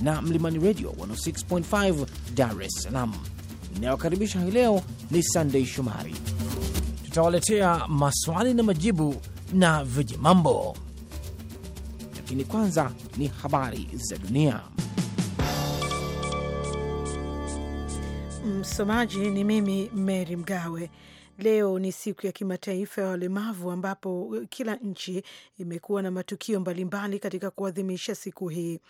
na Mlimani Radio 106.5 Dar es Salaam. Inayokaribisha hii leo ni Sandei Shomari. Tutawaletea maswali na majibu na viji mambo, lakini kwanza ni habari za dunia. Msomaji ni mimi Mary Mgawe. Leo ni siku ya kimataifa ya walemavu, ambapo uh, kila nchi imekuwa na matukio mbalimbali katika kuadhimisha siku hii.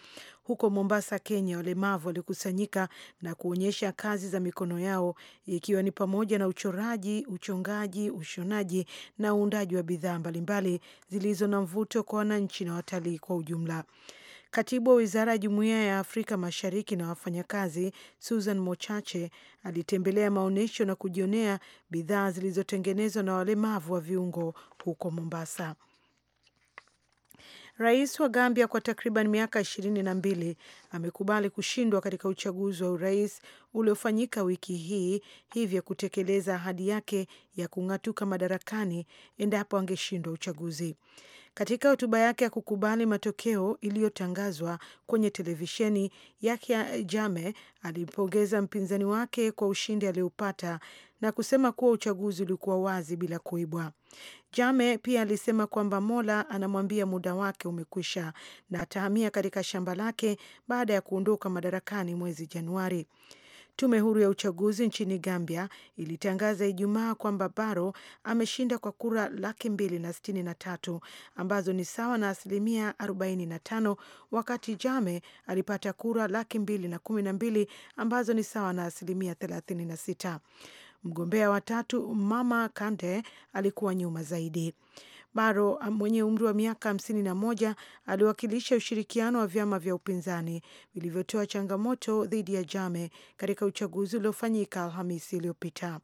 Huko Mombasa, Kenya, walemavu walikusanyika na kuonyesha kazi za mikono yao, ikiwa ni pamoja na uchoraji, uchongaji, ushonaji na uundaji wa bidhaa mbalimbali zilizo na mvuto kwa wananchi na watalii kwa ujumla. Katibu wa wizara ya jumuiya ya Afrika Mashariki na wafanyakazi Susan Mochache alitembelea maonyesho na kujionea bidhaa zilizotengenezwa na walemavu wa viungo huko Mombasa. Rais wa Gambia kwa takriban miaka ishirini na mbili amekubali kushindwa katika uchaguzi wa urais uliofanyika wiki hii, hivyo kutekeleza ahadi yake ya kung'atuka madarakani endapo angeshindwa uchaguzi. Katika hotuba yake ya kukubali matokeo iliyotangazwa kwenye televisheni yake, Jame alimpongeza mpinzani wake kwa ushindi aliopata na kusema kuwa uchaguzi ulikuwa wazi bila kuibwa. Jame pia alisema kwamba Mola anamwambia muda wake umekwisha na atahamia katika shamba lake baada ya kuondoka madarakani mwezi Januari. Tume huru ya uchaguzi nchini Gambia ilitangaza Ijumaa kwamba Baro ameshinda kwa kura laki mbili na sitini na tatu ambazo ni sawa na asilimia na tano wakati Jame alipata kura laki mbili na kumi na mbili ambazo ni sawa na asilimia thelathini na sita Mgombea wa tatu Mama Kande alikuwa nyuma zaidi. Baro mwenye umri wa miaka hamsini na moja aliwakilisha ushirikiano wa vyama vya upinzani vilivyotoa changamoto dhidi ya Jame katika uchaguzi uliofanyika Alhamisi iliyopita.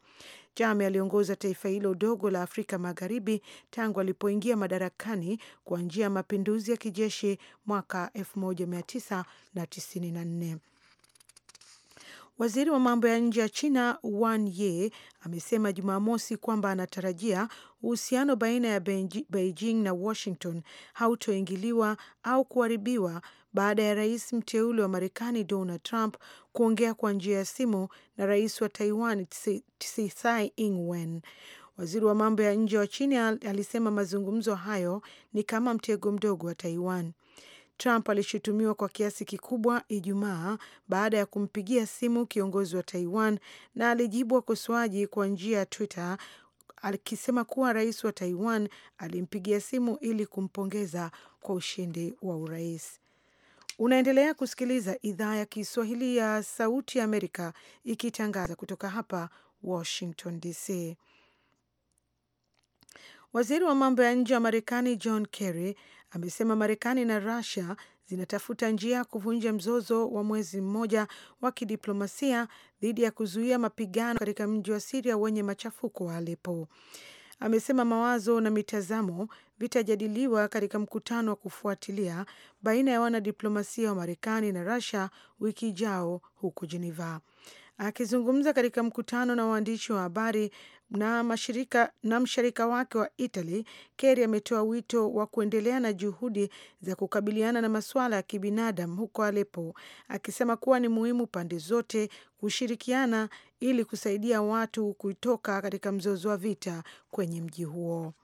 Jame aliongoza taifa hilo dogo la Afrika Magharibi tangu alipoingia madarakani kwa njia ya mapinduzi ya kijeshi mwaka 1994. Waziri wa mambo ya nje ya China Wang Yi amesema Jumamosi kwamba anatarajia uhusiano baina ya Beijing na Washington hautoingiliwa au kuharibiwa baada ya rais mteule wa Marekani Donald Trump kuongea kwa njia ya simu na rais wa Taiwan Tsai Ing-wen. Waziri wa mambo ya nje wa China alisema mazungumzo hayo ni kama mtego mdogo wa Taiwan. Trump alishutumiwa kwa kiasi kikubwa Ijumaa baada ya kumpigia simu kiongozi wa Taiwan na alijibu wakosoaji kwa njia ya Twitter akisema kuwa rais wa Taiwan alimpigia simu ili kumpongeza kwa ushindi wa urais. Unaendelea kusikiliza idhaa ya Kiswahili ya Sauti ya Amerika ikitangaza kutoka hapa Washington DC. Waziri wa mambo ya nje wa Marekani John Kerry amesema Marekani na Rusia zinatafuta njia ya kuvunja mzozo wa mwezi mmoja wa kidiplomasia dhidi ya kuzuia mapigano katika mji wa Siria wenye machafuko wa Alepo. Amesema mawazo na mitazamo vitajadiliwa katika mkutano wa kufuatilia baina ya wanadiplomasia wa Marekani na Russia wiki ijao huko Geneva. Akizungumza katika mkutano na waandishi wa habari na mashirika na mshirika wake wa Italy, Kerry ametoa wito wa kuendelea na juhudi za kukabiliana na masuala ya kibinadamu huko Aleppo, akisema kuwa ni muhimu pande zote kushirikiana ili kusaidia watu kutoka katika mzozo wa vita kwenye mji huo.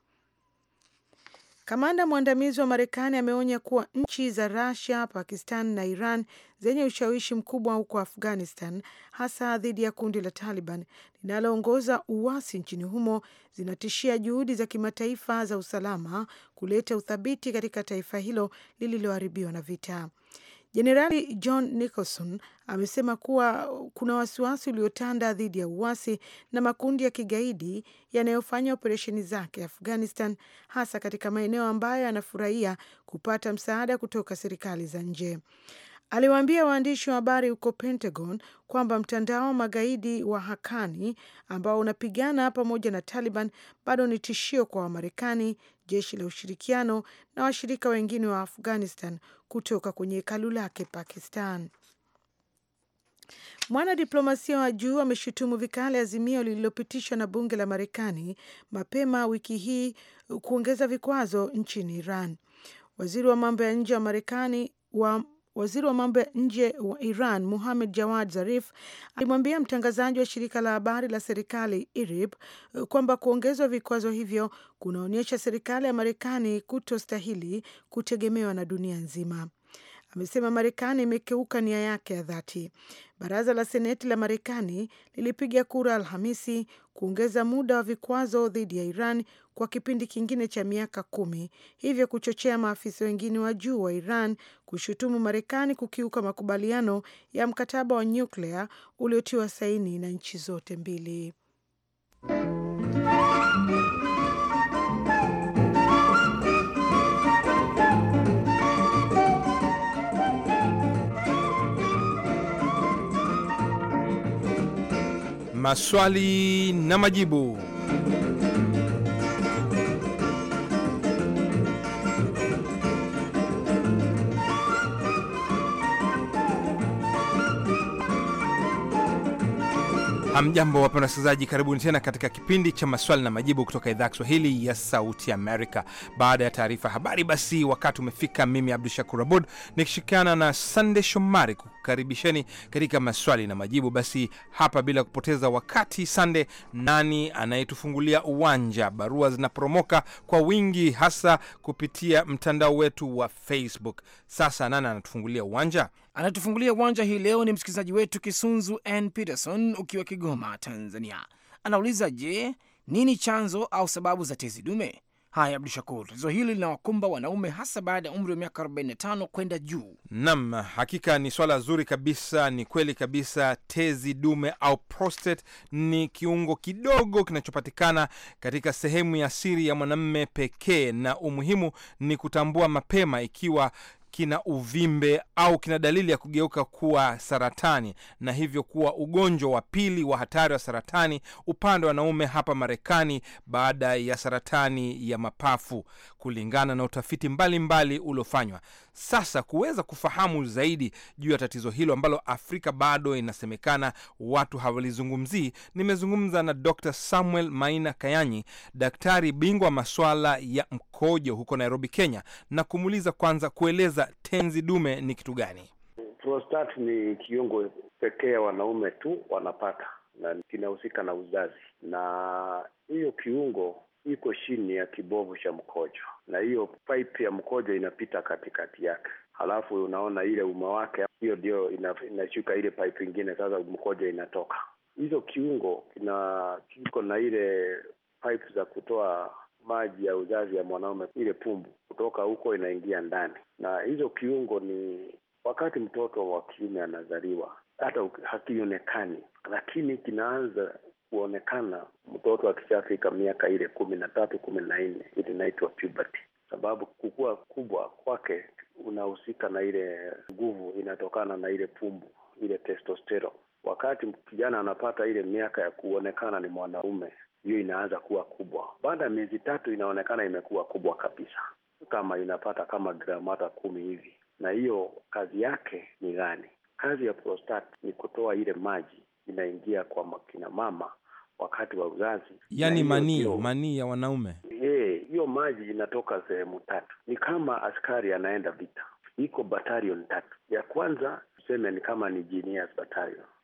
Kamanda mwandamizi wa Marekani ameonya kuwa nchi za Rusia, Pakistan na Iran zenye ushawishi mkubwa huko Afghanistan, hasa dhidi ya kundi la Taliban linaloongoza uasi nchini humo, zinatishia juhudi za kimataifa za usalama kuleta uthabiti katika taifa hilo lililoharibiwa na vita. Jenerali John Nicholson amesema kuwa kuna wasiwasi uliotanda dhidi ya uasi na makundi ya kigaidi yanayofanya operesheni zake Afghanistan, hasa katika maeneo ambayo yanafurahia kupata msaada kutoka serikali za nje. Aliwaambia waandishi wa habari huko Pentagon kwamba mtandao wa magaidi wa Hakani ambao unapigana pamoja na Taliban bado ni tishio kwa Wamarekani jeshi la ushirikiano na washirika wengine wa Afghanistan kutoka kwenye hekalu lake Pakistan. Mwanadiplomasia wa juu ameshutumu vikali azimio lililopitishwa na bunge la Marekani mapema wiki hii kuongeza vikwazo nchini Iran. Waziri wa mambo ya nje wa Marekani wa Waziri wa mambo ya nje wa Iran Muhamed Jawad Zarif alimwambia mtangazaji wa shirika la habari la serikali IRIB kwamba kuongezwa vikwazo hivyo kunaonyesha serikali ya Marekani kutostahili kutegemewa na dunia nzima amesema Marekani imekeuka nia yake ya dhati. Baraza la Seneti la Marekani lilipiga kura Alhamisi kuongeza muda wa vikwazo dhidi ya Iran kwa kipindi kingine cha miaka kumi, hivyo kuchochea maafisa wengine wa juu wa Iran kushutumu Marekani kukiuka makubaliano ya mkataba wa nyuklia uliotiwa saini na nchi zote mbili. maswali na majibu. Amjambo, wapenda wasikilizaji, karibuni tena katika kipindi cha maswali na majibu kutoka idhaa ya Kiswahili ya Sauti Amerika. Baada ya taarifa habari, basi wakati umefika, mimi Abdu Shakur Abud nikishirikiana na Sande Shomari kukaribisheni katika maswali na majibu. Basi hapa bila kupoteza wakati, Sande, nani anayetufungulia uwanja? Barua zinaporomoka kwa wingi, hasa kupitia mtandao wetu wa Facebook. Sasa nani anatufungulia uwanja? Anatufungulia uwanja hii leo ni msikilizaji wetu Kisunzu N Peterson ukiwa Kigoma, Tanzania. Anauliza, je, nini chanzo au sababu za tezi dume? Haya, Abdu Shakur, tatizo hili linawakumba wanaume hasa baada ya umri wa miaka 45 kwenda juu. Naam, hakika ni swala zuri kabisa. Ni kweli kabisa, tezi dume au prostate ni kiungo kidogo kinachopatikana katika sehemu ya siri ya mwanamme pekee, na umuhimu ni kutambua mapema ikiwa kina uvimbe au kina dalili ya kugeuka kuwa saratani na hivyo kuwa ugonjwa wa pili wa hatari wa saratani upande wa wanaume hapa Marekani baada ya saratani ya mapafu kulingana na utafiti mbalimbali uliofanywa sasa kuweza kufahamu zaidi juu ya tatizo hilo ambalo Afrika bado inasemekana watu hawalizungumzii. Nimezungumza na Dr Samuel Maina Kayanyi, daktari bingwa maswala ya mkojo huko Nairobi, Kenya, na kumuuliza kwanza kueleza tenzi dume ni kitu gani. Prostat ni kiungo pekee ya wanaume tu wanapata na kinahusika na uzazi, na hiyo kiungo iko chini ya kibovu cha mkojo, na hiyo pipe ya mkojo inapita katikati yake, halafu unaona ile uma wake, hiyo ndio inashuka ile pipe ingine, sasa mkojo inatoka. Hizo kiungo kina kiko na ile pipe za kutoa maji ya uzazi ya mwanaume, ile pumbu kutoka huko inaingia ndani, na hizo kiungo ni wakati mtoto wa kiume anazaliwa hata hakionekani, lakini kinaanza kuonekana mtoto akishafika miaka ile kumi na tatu kumi na nne ili inaitwa puberty, sababu kukua kubwa kwake unahusika na ile nguvu inatokana na ile pumbu, ile testostero Wakati kijana anapata ile miaka ya kuonekana ni mwanaume, hiyo inaanza kuwa kubwa. Baada ya miezi tatu inaonekana imekuwa kubwa kabisa, kama inapata kama gramata kumi hivi. Na hiyo kazi yake ni gani? Kazi ya prostat ni kutoa ile maji inaingia kwa kina mama wakati wa uzazi, yani manii manii ya wanaume. Eh, hiyo maji inatoka sehemu tatu, ni kama askari anaenda vita. Iko batalion tatu. Ya kwanza tuseme ni kama ni juniors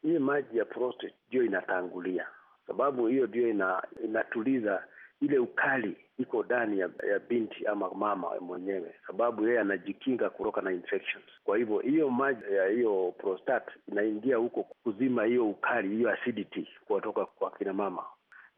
Hii maji ya prostate ndio inatangulia, sababu hiyo ndio ina, inatuliza ile ukali iko ndani ya, ya binti ama mama mwenyewe, sababu yeye anajikinga kutoka na infections. Kwa hivyo hiyo maji ya hiyo prostat inaingia huko kuzima hiyo ukali, hiyo acidity kutoka kwa kina mama.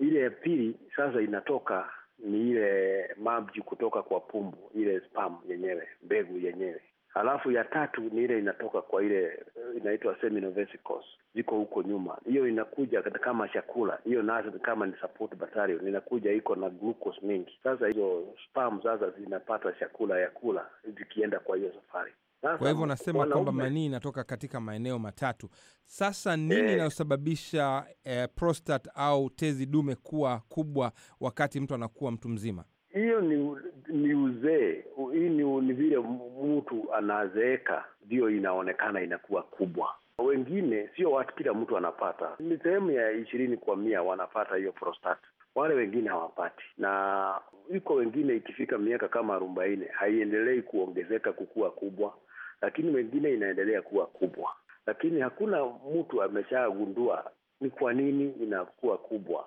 Ile ya pili sasa inatoka ni ile maji kutoka kwa pumbu, ile sperm yenyewe, mbegu yenyewe. Alafu ya tatu ni ile inatoka kwa ile eh, inaitwa seminovesicos ziko huko nyuma. Hiyo inakuja kama chakula, hiyo nazo kama ni support battalion, inakuja iko na glucose mingi. Sasa hizo spam sasa zinapata chakula ya kula zikienda kwa hiyo safari. Sasa, kwa hivyo unasema kwamba manii inatoka katika maeneo matatu. Sasa nini eh. inayosababisha eh, prostat au tezi dume kuwa kubwa wakati mtu anakuwa mtu mzima? hiyo ni ni uzee, hii ni, ni vile mtu anazeeka ndiyo inaonekana inakuwa kubwa. Wengine sio watu, kila mtu anapata, ni sehemu ya ishirini kwa mia wanapata hiyo prostate, wale wengine hawapati, na iko wengine ikifika miaka kama arobaini haiendelei kuongezeka kukuwa kubwa, lakini wengine inaendelea kuwa kubwa, lakini hakuna mtu ameshagundua ni kwa nini inakuwa kubwa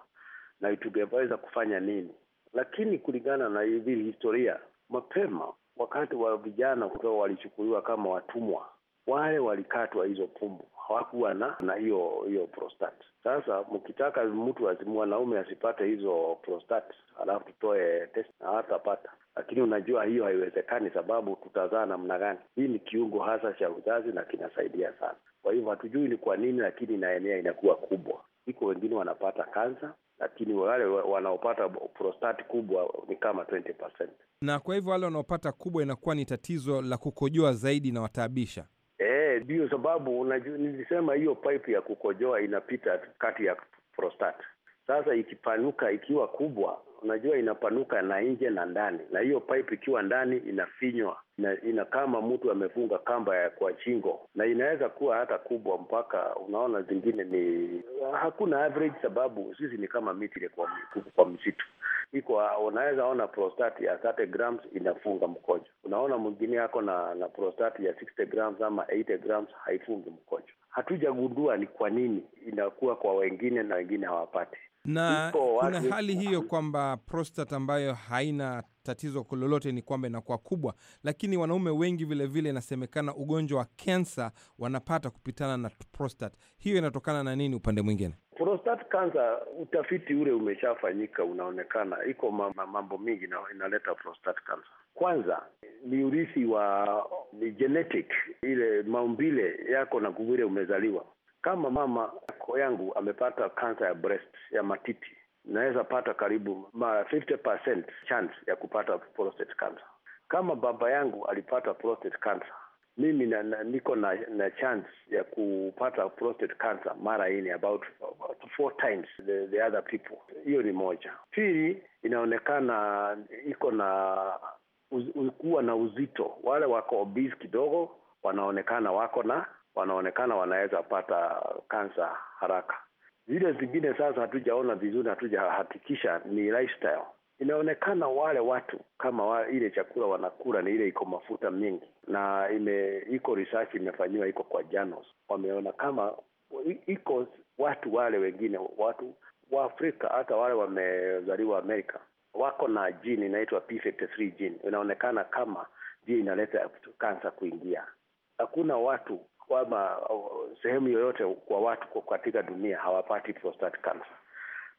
na tungeweza kufanya nini. Lakini kulingana na hivi historia, mapema wakati wa vijana kutoka walichukuliwa kama watumwa, wale walikatwa hizo pumbu, hawakuwa na na hiyo hiyo prostat. Sasa mkitaka mtu mwanaume asipate hizo prostat, alafu tutoe test, na hatapata lakini unajua hiyo haiwezekani, sababu tutazaa namna gani? Hii ni kiungo hasa cha uzazi na kinasaidia sana. Kwa hivyo hatujui ni kwa nini, lakini inaenea, inakuwa kubwa. Iko wengine wanapata kansa, lakini wale wanaopata prostati kubwa ni kama 20%. Na kwa hivyo wale wanaopata kubwa inakuwa ni tatizo la kukojoa zaidi na wataabisha eh, ndio E, sababu nilisema hiyo pipe ya kukojoa inapita kati ya prostate. Sasa ikipanuka ikiwa kubwa, unajua inapanuka na nje na ndani, na hiyo pipe ikiwa ndani inafinywa na ina kama mtu amefunga kamba kwa shingo, na inaweza kuwa hata kubwa, mpaka unaona zingine ni hakuna average, sababu sisi ni kama miti ile kwa, kwa msitu iko. Unaweza ona prostati ya 30 grams inafunga mkojo, unaona mwingine ako na na prostati ya 60 grams ama 80 grams haifungi mkojo. Hatujagundua ni kwa nini inakuwa kwa wengine na wengine hawapati na kuna hali hiyo kwamba prostat ambayo haina tatizo lolote ni kwamba inakuwa kubwa, lakini wanaume wengi vilevile inasemekana vile ugonjwa wa kansa wanapata kupitana na prostat. Hiyo inatokana na nini upande mwingine? Prostate utafiti ule umeshafanyika, unaonekana iko mambo mingi na inaleta prostate Kwanza ni urithi wa ni genetic, ile maumbile yako na kuvile umezaliwa. Kama mama yangu amepata kansa ya breast ya matiti, naweza pata karibu mara 50% chance ya kupata prostate cancer. Kama baba yangu alipata prostate cancer, mimi na, na, niko na, na chance ya kupata prostate cancer mara ini about, about four times the, the other people. Hiyo ni moja. Pili, inaonekana iko na kuwa na uzito. Wale wako obese kidogo wanaonekana wako na wanaonekana wanaweza pata kansa haraka. Zile zingine sasa hatujaona vizuri, hatujahakikisha ni lifestyle. Inaonekana wale watu kama wale, ile chakula wanakula ni ile iko mafuta mengi na ime iko research imefanyiwa iko kwa journals, wameona kama iko watu wale wengine watu wa Afrika hata wale wamezaliwa Amerika wako na jini inaitwa P53 gene, inaonekana kama ndio inaleta kansa kuingia. Hakuna watu ama uh, sehemu yoyote kwa watu katika dunia hawapati prostate cancer,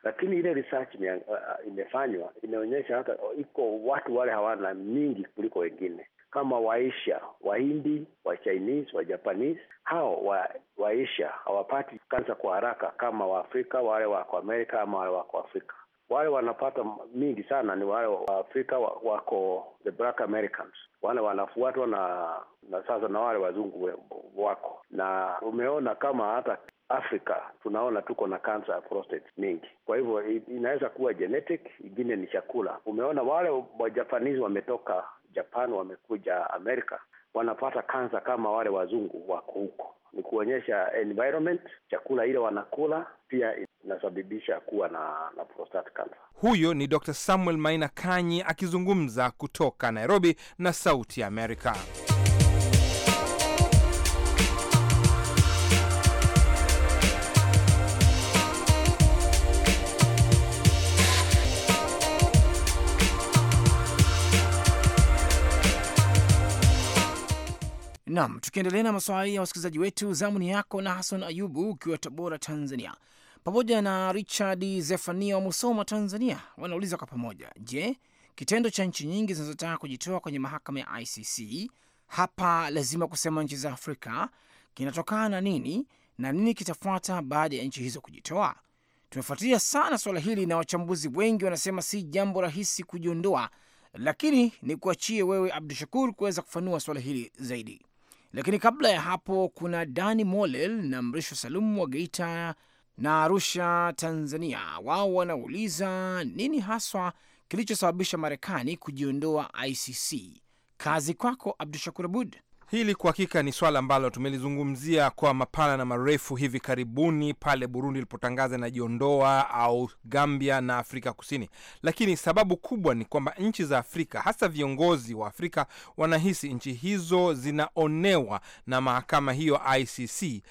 lakini ile research uh, uh, imefanywa imeonyesha hata uh, iko watu wale hawana mingi kuliko wengine kama Waisha, Wahindi, Wachinese, wajapanis hao wa, Waisha hawapati kansa kwa haraka kama Waafrika wale wako Amerika ama wale wako Afrika wale wanapata mingi sana ni wale Afrika wako the black Americans, wale wanafuatwa na na sasa na wale wazungu wako, na umeona kama hata Afrika tunaona tuko na kansa ya prostate mingi. Kwa hivyo inaweza kuwa genetic, ingine ni chakula. Umeona wale wajapanisi wametoka Japan wamekuja Amerika wanapata kansa kama wale wazungu wako huko. Ni kuonyesha environment, chakula ile wanakula pia inasababisha kuwa na, na prostate cancer. Huyo ni Dr. Samuel Maina Kanyi akizungumza kutoka Nairobi na Sauti ya Amerika. Nam, tukiendelea na maswali ya wasikilizaji wetu, zamuni yako na hasan Ayubu ukiwa Tabora, Tanzania pamoja na Richard Zefania wa Musoma, Tanzania, wanauliza kwa pamoja, je, kitendo cha nchi nyingi zinazotaka kujitoa kwenye mahakama ya ICC, hapa lazima kusema nchi za Afrika, kinatokana na nini na nini kitafuata baada ya nchi hizo kujitoa? Tumefuatilia sana suala hili na wachambuzi wengi wanasema si jambo rahisi kujiondoa, lakini ni kuachie wewe Abdu Shakur kuweza kufanua suala hili zaidi. Lakini kabla ya hapo, kuna Dani Molel na Mrisho Salum wa Geita na Arusha, Tanzania, wao wanauliza nini haswa kilichosababisha Marekani kujiondoa ICC. Kazi kwako Abdu Shakur Abud. Hili kwa hakika ni swala ambalo tumelizungumzia kwa mapana na marefu hivi karibuni pale Burundi ilipotangaza inajiondoa au Gambia na Afrika Kusini, lakini sababu kubwa ni kwamba nchi za Afrika, hasa viongozi wa Afrika, wanahisi nchi hizo zinaonewa na mahakama hiyo ICC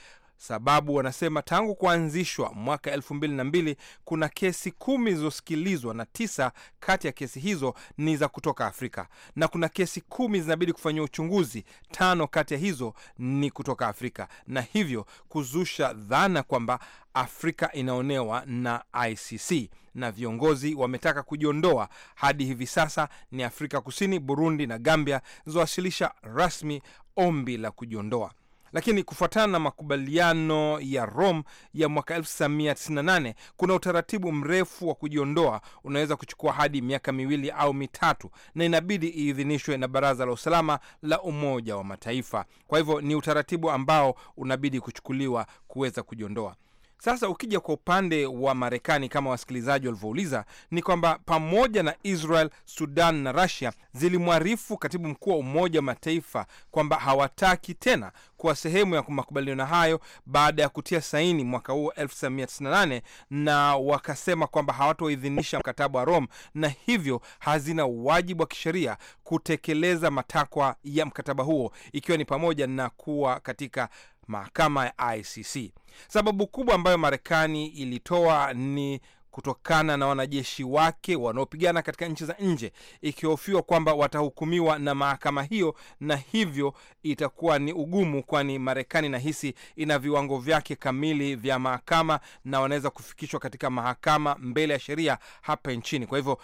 sababu wanasema tangu kuanzishwa mwaka elfu mbili na mbili kuna kesi kumi zilizosikilizwa na tisa kati ya kesi hizo ni za kutoka Afrika na kuna kesi kumi zinabidi kufanyia uchunguzi, tano kati ya hizo ni kutoka Afrika na hivyo kuzusha dhana kwamba Afrika inaonewa na ICC na viongozi wametaka kujiondoa. Hadi hivi sasa ni Afrika Kusini, Burundi na Gambia zilizowasilisha rasmi ombi la kujiondoa. Lakini kufuatana na makubaliano ya Rome ya mwaka 1998 kuna utaratibu mrefu wa kujiondoa, unaweza kuchukua hadi miaka miwili au mitatu, na inabidi iidhinishwe na Baraza la Usalama la Umoja wa Mataifa. Kwa hivyo ni utaratibu ambao unabidi kuchukuliwa kuweza kujiondoa. Sasa ukija kwa upande wa Marekani, kama wasikilizaji walivyouliza, ni kwamba pamoja na Israel, Sudan na Russia zilimwarifu katibu mkuu wa Umoja wa Mataifa kwamba hawataki tena kuwa sehemu ya makubaliano hayo baada ya kutia saini mwaka huo 1998 na wakasema kwamba hawatoidhinisha mkataba wa Rome na hivyo hazina wajibu wa kisheria kutekeleza matakwa ya mkataba huo, ikiwa ni pamoja na kuwa katika mahakama ya ICC. Sababu kubwa ambayo Marekani ilitoa ni kutokana na wanajeshi wake wanaopigana katika nchi za nje, ikihofiwa kwamba watahukumiwa na mahakama hiyo, na hivyo itakuwa ni ugumu, kwani Marekani nahisi ina viwango vyake kamili vya mahakama na wanaweza kufikishwa katika mahakama mbele ya sheria hapa nchini. Kwa hivyo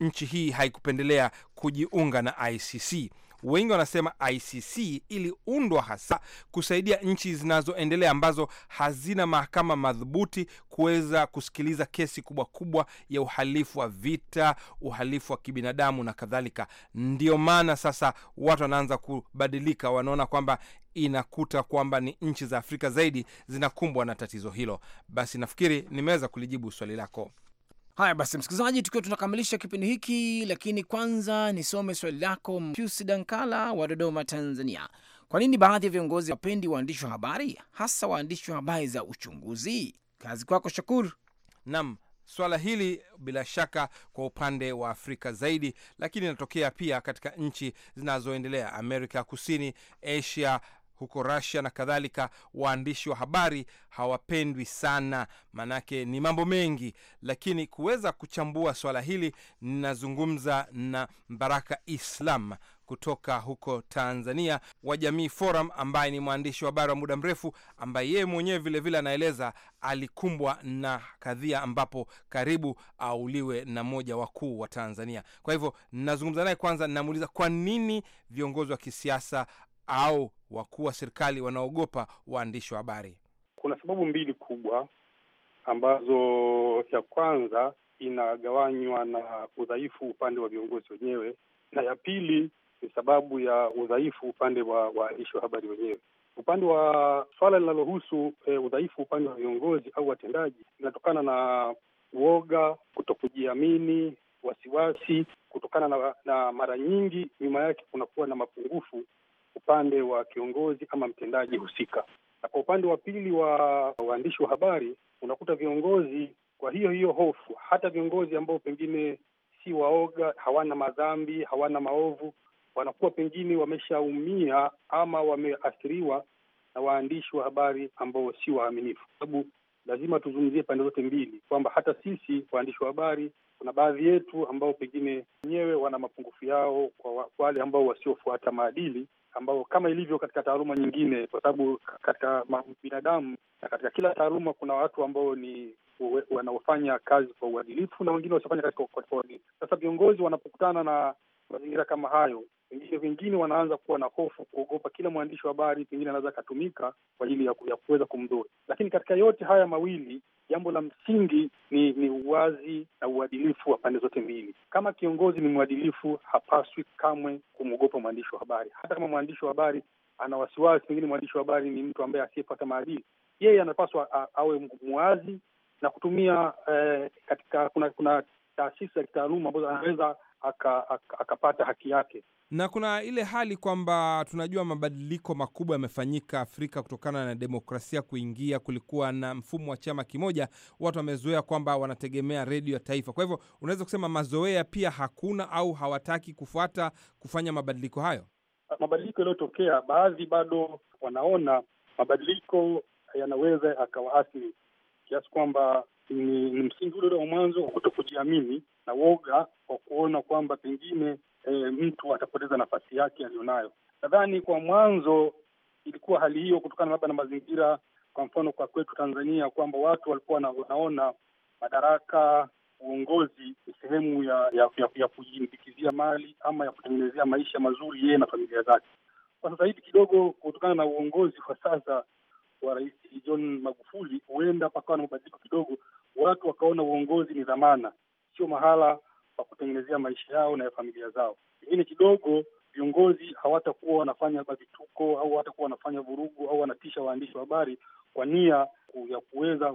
nchi hii haikupendelea kujiunga na ICC. Wengi wanasema ICC iliundwa hasa kusaidia nchi zinazoendelea ambazo hazina mahakama madhubuti kuweza kusikiliza kesi kubwa kubwa ya uhalifu wa vita, uhalifu wa kibinadamu na kadhalika. Ndio maana sasa watu wanaanza kubadilika, wanaona kwamba inakuta kwamba ni nchi za Afrika zaidi zinakumbwa na tatizo hilo. Basi nafikiri nimeweza kulijibu swali lako. Haya basi, msikilizaji, tukiwa tunakamilisha kipindi hiki, lakini kwanza nisome swali lako. Pius Dankala wa Dodoma, Tanzania: kwa nini baadhi ya viongozi wapendi waandishi wa habari, hasa waandishi wa habari za uchunguzi? Kazi kwako Shakur. Naam, Swala hili bila shaka kwa upande wa Afrika zaidi, lakini inatokea pia katika nchi zinazoendelea, Amerika Kusini, Asia, huko rasia na kadhalika, waandishi wa habari hawapendwi sana, maanake ni mambo mengi. Lakini kuweza kuchambua swala hili, ninazungumza na Mbaraka Islam kutoka huko Tanzania wa Jamii Forum, ambaye ni mwandishi wa habari wa muda mrefu, ambaye yeye mwenyewe vilevile anaeleza alikumbwa na kadhia ambapo karibu auliwe na mmoja wakuu wa Tanzania. Kwa hivyo nazungumza naye kwanza, namuuliza kwa nini viongozi wa kisiasa au wakuu wa serikali wanaogopa waandishi wa habari? Kuna sababu mbili kubwa ambazo, ya kwanza inagawanywa na udhaifu upande wa viongozi wenyewe, na ya pili ni sababu ya udhaifu upande wa waandishi wa habari wenyewe. Upande wa swala linalohusu e, udhaifu upande wa viongozi au watendaji, linatokana na uoga, kutokujiamini, wasiwasi, kutokana na, na mara nyingi nyuma yake kunakuwa na mapungufu upande wa kiongozi ama mtendaji husika, na kwa upande wa pili wa waandishi wa habari unakuta viongozi kwa hiyo hiyo hofu, hata viongozi ambao pengine si waoga, hawana madhambi, hawana maovu, wanakuwa pengine wameshaumia ama wameathiriwa na waandishi wa habari ambao si waaminifu, sababu lazima tuzungumzie pande zote mbili, kwamba hata sisi waandishi wa habari kuna baadhi yetu ambao pengine wenyewe wana mapungufu yao, kwa wale ambao wasiofuata maadili ambao kama ilivyo katika taaluma nyingine, kwa sababu katika binadamu na katika kila taaluma kuna watu ambao ni wanaofanya kazi kwa uadilifu na wengine wasiofanya kazi kwa uadilifu. Sasa viongozi wanapokutana na mazingira kama hayo, pengine vingine wanaanza kuwa na hofu, kuogopa kila mwandishi wa habari pengine anaweza akatumika kwa ajili ya kuweza kumdhuri. Lakini katika yote haya mawili, jambo la msingi ni ni uwazi na uadilifu wa pande zote mbili. Kama kiongozi ni mwadilifu, hapaswi kamwe kumwogopa mwandishi wa habari, hata kama mwandishi wa habari ana wasiwasi. Pengine mwandishi wa habari ni mtu ambaye asiyepata maadili, yeye anapaswa awe mwazi na kutumia eh, katika kuna kuna taasisi za kitaaluma ambazo anaweza akapata aka, aka haki yake na kuna ile hali kwamba tunajua mabadiliko makubwa yamefanyika Afrika kutokana na demokrasia kuingia. Kulikuwa na mfumo wa chama kimoja, watu wamezoea kwamba wanategemea redio ya taifa. Kwa hivyo unaweza kusema mazoea pia hakuna au hawataki kufuata kufanya mabadiliko hayo. Mabadiliko yaliyotokea, baadhi bado wanaona mabadiliko yanaweza yakawaathiri kiasi kwamba ni, ni msingi ule ule wa mwanzo wa kujiamini na woga wa kuona kwamba pengine e, mtu atapoteza nafasi yake aliyonayo. Nadhani kwa mwanzo ilikuwa hali hiyo kutokana labda na mazingira, kwa mfano kwa kwetu Tanzania, kwamba watu walikuwa wanaona madaraka, uongozi ni sehemu ya ya, ya, ya kujimbikizia mali ama ya kutengenezea maisha mazuri yeye na familia zake. Kwa sasa hivi kidogo, kutokana na uongozi kwa sasa wa Rais John Magufuli, huenda pakawa na mabadiliko kidogo, watu wakaona uongozi ni dhamana, sio mahala wa kutengenezea maisha yao na ya familia zao. Pengine kidogo viongozi hawatakuwa wanafanya vituko au hawatakuwa wanafanya vurugu au wanatisha waandishi wa habari kwa nia ya kuweza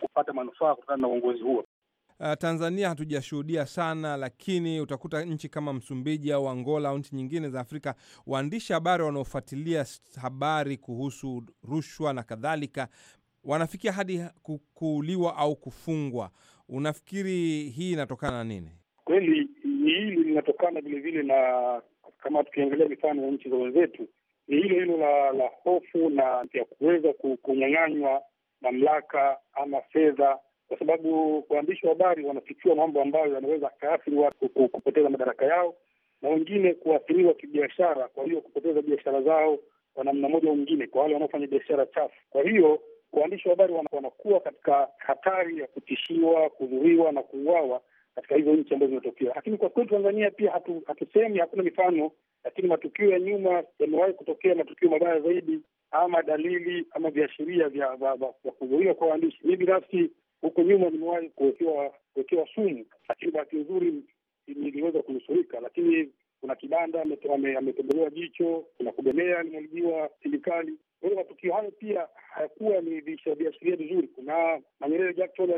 kupata manufaa kutokana na uongozi huo. Uh, Tanzania hatujashuhudia sana, lakini utakuta nchi kama Msumbiji au Angola au nchi nyingine za Afrika, waandishi habari wanaofuatilia habari kuhusu rushwa na kadhalika wanafikia hadi kuuliwa au kufungwa. Unafikiri hii inatokana na nini? Kweli ni hili linatokana vilevile na kama tukiangalia mifano ya nchi za wenzetu, ni hilo hilo la, la hofu na ya kuweza kunyang'anywa mamlaka ama fedha, kwa sababu waandishi wa habari wanafikiwa mambo ambayo yanaweza akaathiri watu kupoteza madaraka yao na wengine kuathiriwa kibiashara, kwa hiyo kupoteza biashara zao kwa namna moja au nyingine, kwa wale wanaofanya biashara chafu. Kwa hiyo waandishi wa habari wanakuwa katika hatari ya kutishiwa, kudhuriwa na kuuawa katika hizo nchi ambazo zimetokea. Lakini kwa kweli Tanzania pia hatu, hatusemi hakuna mifano, lakini matukio ya nyuma yamewahi kutokea matukio mabaya zaidi, ama dalili ama viashiria vya, vya, vya, vya kuzuiwa kwa waandishi. Mi binafsi huko nyuma nimewahi kuwekewa kuwekewa sumu, lakini bahati nzuri niliweza kunusurika, lakini kuna kibanda ametembelewa jicho, kuna kugemea limelijiwa silikali. Kwa hiyo matukio hayo pia hayakuwa ni viashiria vizuri. Kuna Manyerere Jackson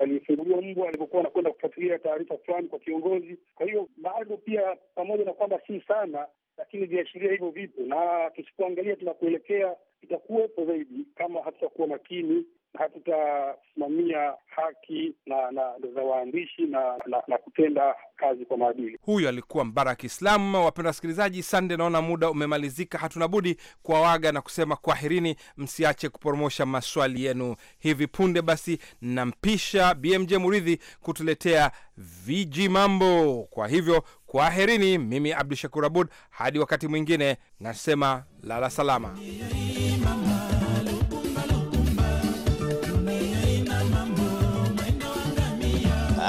alifunguliwa mbwa alipokuwa anakwenda kufuatilia taarifa fulani kwa kiongozi. Kwa hiyo bado pia, pamoja na kwamba si sana, lakini viashiria hivyo vipo, na tusipoangalia tunakuelekea itakuwepo zaidi kama hatutakuwa makini hatutasimamia haki na, na za waandishi na, na, na kutenda kazi kwa maadili. Huyu alikuwa Mbarak Islam. Wapenda wasikilizaji, sande, naona muda umemalizika, hatuna budi kuwaaga na kusema kwaherini. Msiache kuporomosha maswali yenu hivi punde. Basi nampisha BMJ Muridhi kutuletea viji mambo. Kwa hivyo kwaherini, mimi Abdu Shakur Abud, hadi wakati mwingine nasema lala salama.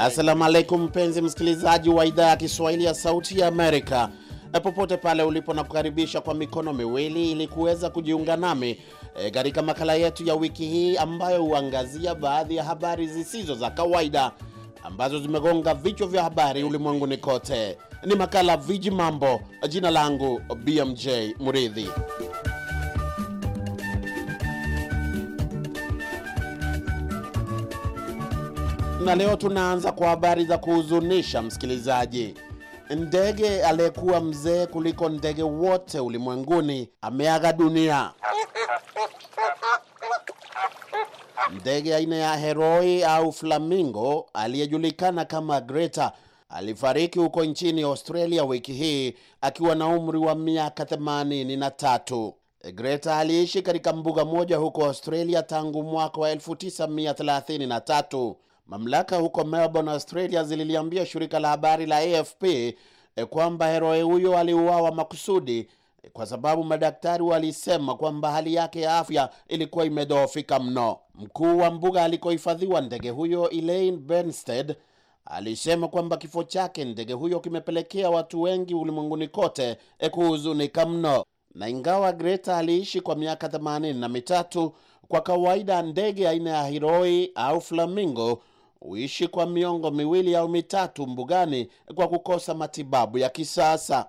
Assalamu alaikum mpenzi msikilizaji wa idhaa ya Kiswahili ya Sauti ya Amerika e, popote pale ulipo, na kukaribisha kwa mikono miwili ili kuweza kujiunga nami e, katika e, makala yetu ya wiki hii ambayo huangazia baadhi ya habari zisizo za kawaida ambazo zimegonga vichwa vya habari ulimwenguni kote. Ni makala Viji Mambo. Jina langu BMJ Muridhi. Na leo tunaanza kwa habari za kuhuzunisha msikilizaji. Ndege aliyekuwa mzee kuliko ndege wote ulimwenguni ameaga dunia. Ndege aina ya heroi au flamingo aliyejulikana kama Greta alifariki huko nchini Australia wiki hii akiwa na umri wa miaka 83. Greta aliishi katika mbuga moja huko Australia tangu mwaka wa 1933 Mamlaka huko Melbourne, Australia zililiambia shirika la habari la AFP eh, kwamba heroe huyo aliuawa makusudi eh, kwa sababu madaktari walisema kwamba hali yake ya afya ilikuwa imedhoofika mno. Mkuu wa mbuga alikohifadhiwa ndege huyo Elaine Bensted alisema kwamba kifo chake ndege huyo kimepelekea watu wengi ulimwenguni kote eh, kuhuzunika mno, na ingawa Greta aliishi kwa miaka themanini na mitatu, kwa kawaida ndege aina ya hiroi au flamingo huishi kwa miongo miwili au mitatu mbugani kwa kukosa matibabu ya kisasa.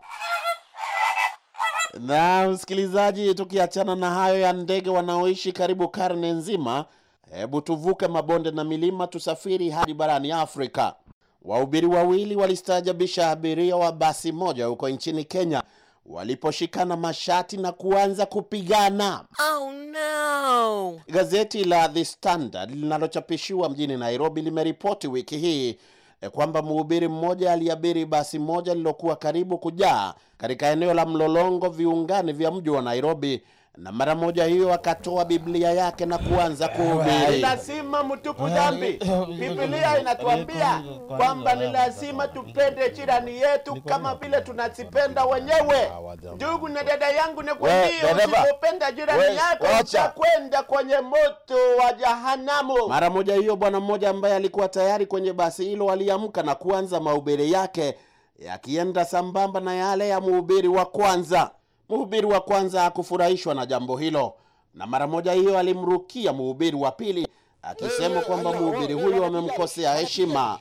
Na msikilizaji, tukiachana na hayo ya ndege wanaoishi karibu karne nzima, hebu tuvuke mabonde na milima, tusafiri hadi barani Afrika. Wahubiri wawili walistaajabisha abiria wa basi moja huko nchini Kenya waliposhikana mashati na kuanza kupigana. Oh, no. Gazeti la The Standard linalochapishiwa mjini Nairobi limeripoti wiki hii eh, kwamba mhubiri mmoja aliabiri basi moja lililokuwa karibu kujaa katika eneo la mlolongo viungani vya mji wa Nairobi na mara moja hiyo akatoa Biblia yake na kuanza kuhubiri. Lazima mtupu dhambi. Biblia inatuambia kwamba ni lazima tupende jirani yetu kama vile tunazipenda wenyewe. Ah, Ndugu na dada yangu, nakwambia usipopenda jirani yako utakwenda kwenye moto wa jahanamu. Mara moja hiyo, bwana mmoja ambaye alikuwa tayari kwenye basi hilo aliamka na kuanza mahubiri yake yakienda sambamba na yale ya mhubiri wa kwanza. Mhubiri wa kwanza akufurahishwa na jambo hilo, na mara moja hiyo alimrukia mhubiri wa pili akisema kwamba mhubiri huyo amemkosea heshima.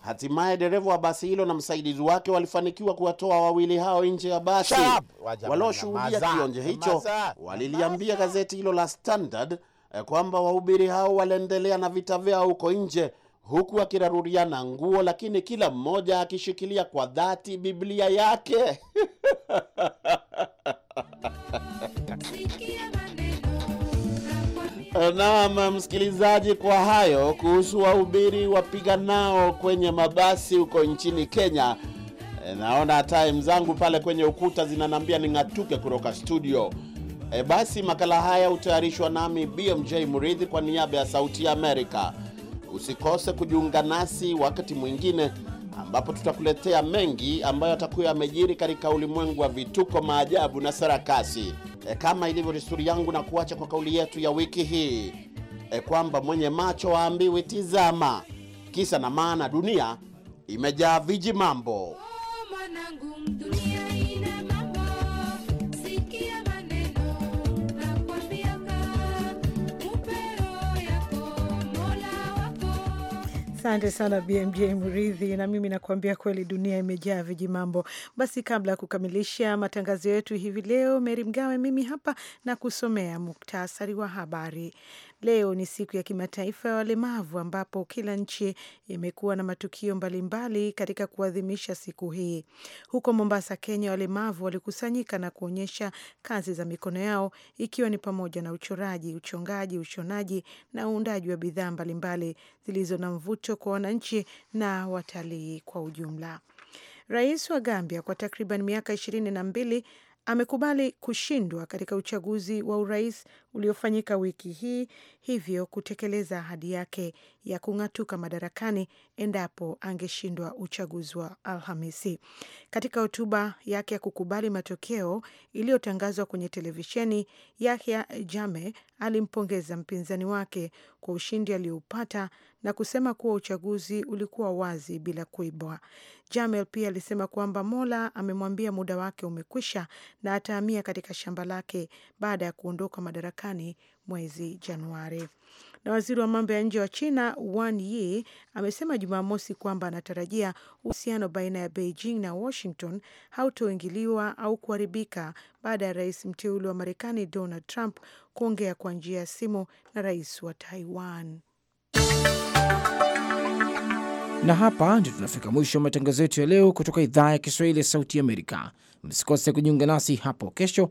Hatimaye dereva wa basi hilo na msaidizi wake walifanikiwa kuwatoa wawili hao nje ya basi. Walioshuhudia kionje hicho waliliambia gazeti hilo la Standard kwamba wahubiri hao waliendelea na vita vyao huko nje huku akiraruriana nguo, lakini kila mmoja akishikilia kwa dhati Biblia yake. Naam, msikilizaji, kwa hayo kuhusu wahubiri wapiganao kwenye mabasi huko nchini Kenya. Eh, naona time zangu pale kwenye ukuta zinanambia ning'atuke kutoka studio. E, basi makala haya hutayarishwa nami BMJ mridhi kwa niaba ya Sauti ya Amerika. Usikose kujiunga nasi wakati mwingine ambapo tutakuletea mengi ambayo atakuwa yamejiri katika ulimwengu wa vituko, maajabu na sarakasi. E, kama ilivyo desturi yangu, na kuacha kwa kauli yetu ya wiki hii e, kwamba mwenye macho waambiwi tizama. Kisa na maana, dunia imejaa viji mambo. Asante sana BMJ Mridhi, na mimi nakuambia kweli, dunia imejaa viji mambo. Basi kabla ya kukamilisha matangazo yetu hivi leo, Meri Mgawe mimi hapa na kusomea muktasari wa habari. Leo ni siku ya kimataifa ya walemavu, ambapo kila nchi imekuwa na matukio mbalimbali katika kuadhimisha siku hii. Huko Mombasa, Kenya, walemavu walikusanyika na kuonyesha kazi za mikono yao, ikiwa ni pamoja na uchoraji, uchongaji, ushonaji na uundaji wa bidhaa mbalimbali zilizo na mvuto kwa wananchi na watalii kwa ujumla. Rais wa Gambia kwa takriban miaka ishirini na mbili amekubali kushindwa katika uchaguzi wa urais uliofanyika wiki hii, hivyo kutekeleza ahadi yake ya kung'atuka madarakani endapo angeshindwa uchaguzi wa Alhamisi. Katika hotuba yake ya kukubali matokeo iliyotangazwa kwenye televisheni, Yahya Jammeh alimpongeza mpinzani wake kwa ushindi aliyoupata na kusema kuwa uchaguzi ulikuwa wazi bila kuibwa. Jamel pia alisema kwamba Mola amemwambia muda wake umekwisha na atahamia katika shamba lake baada ya kuondoka madarakani mwezi Januari na waziri wa mambo ya nje wa China Wang Yi amesema Jumamosi kwamba anatarajia uhusiano baina ya Beijing na Washington hautoingiliwa au kuharibika baada ya rais mteule wa Marekani Donald Trump kuongea kwa njia ya simu na rais wa Taiwan. Na hapa ndio tunafika mwisho wa matangazo yetu ya leo kutoka idhaa ya Kiswahili ya Sauti Amerika. Msikose kujiunga nasi hapo kesho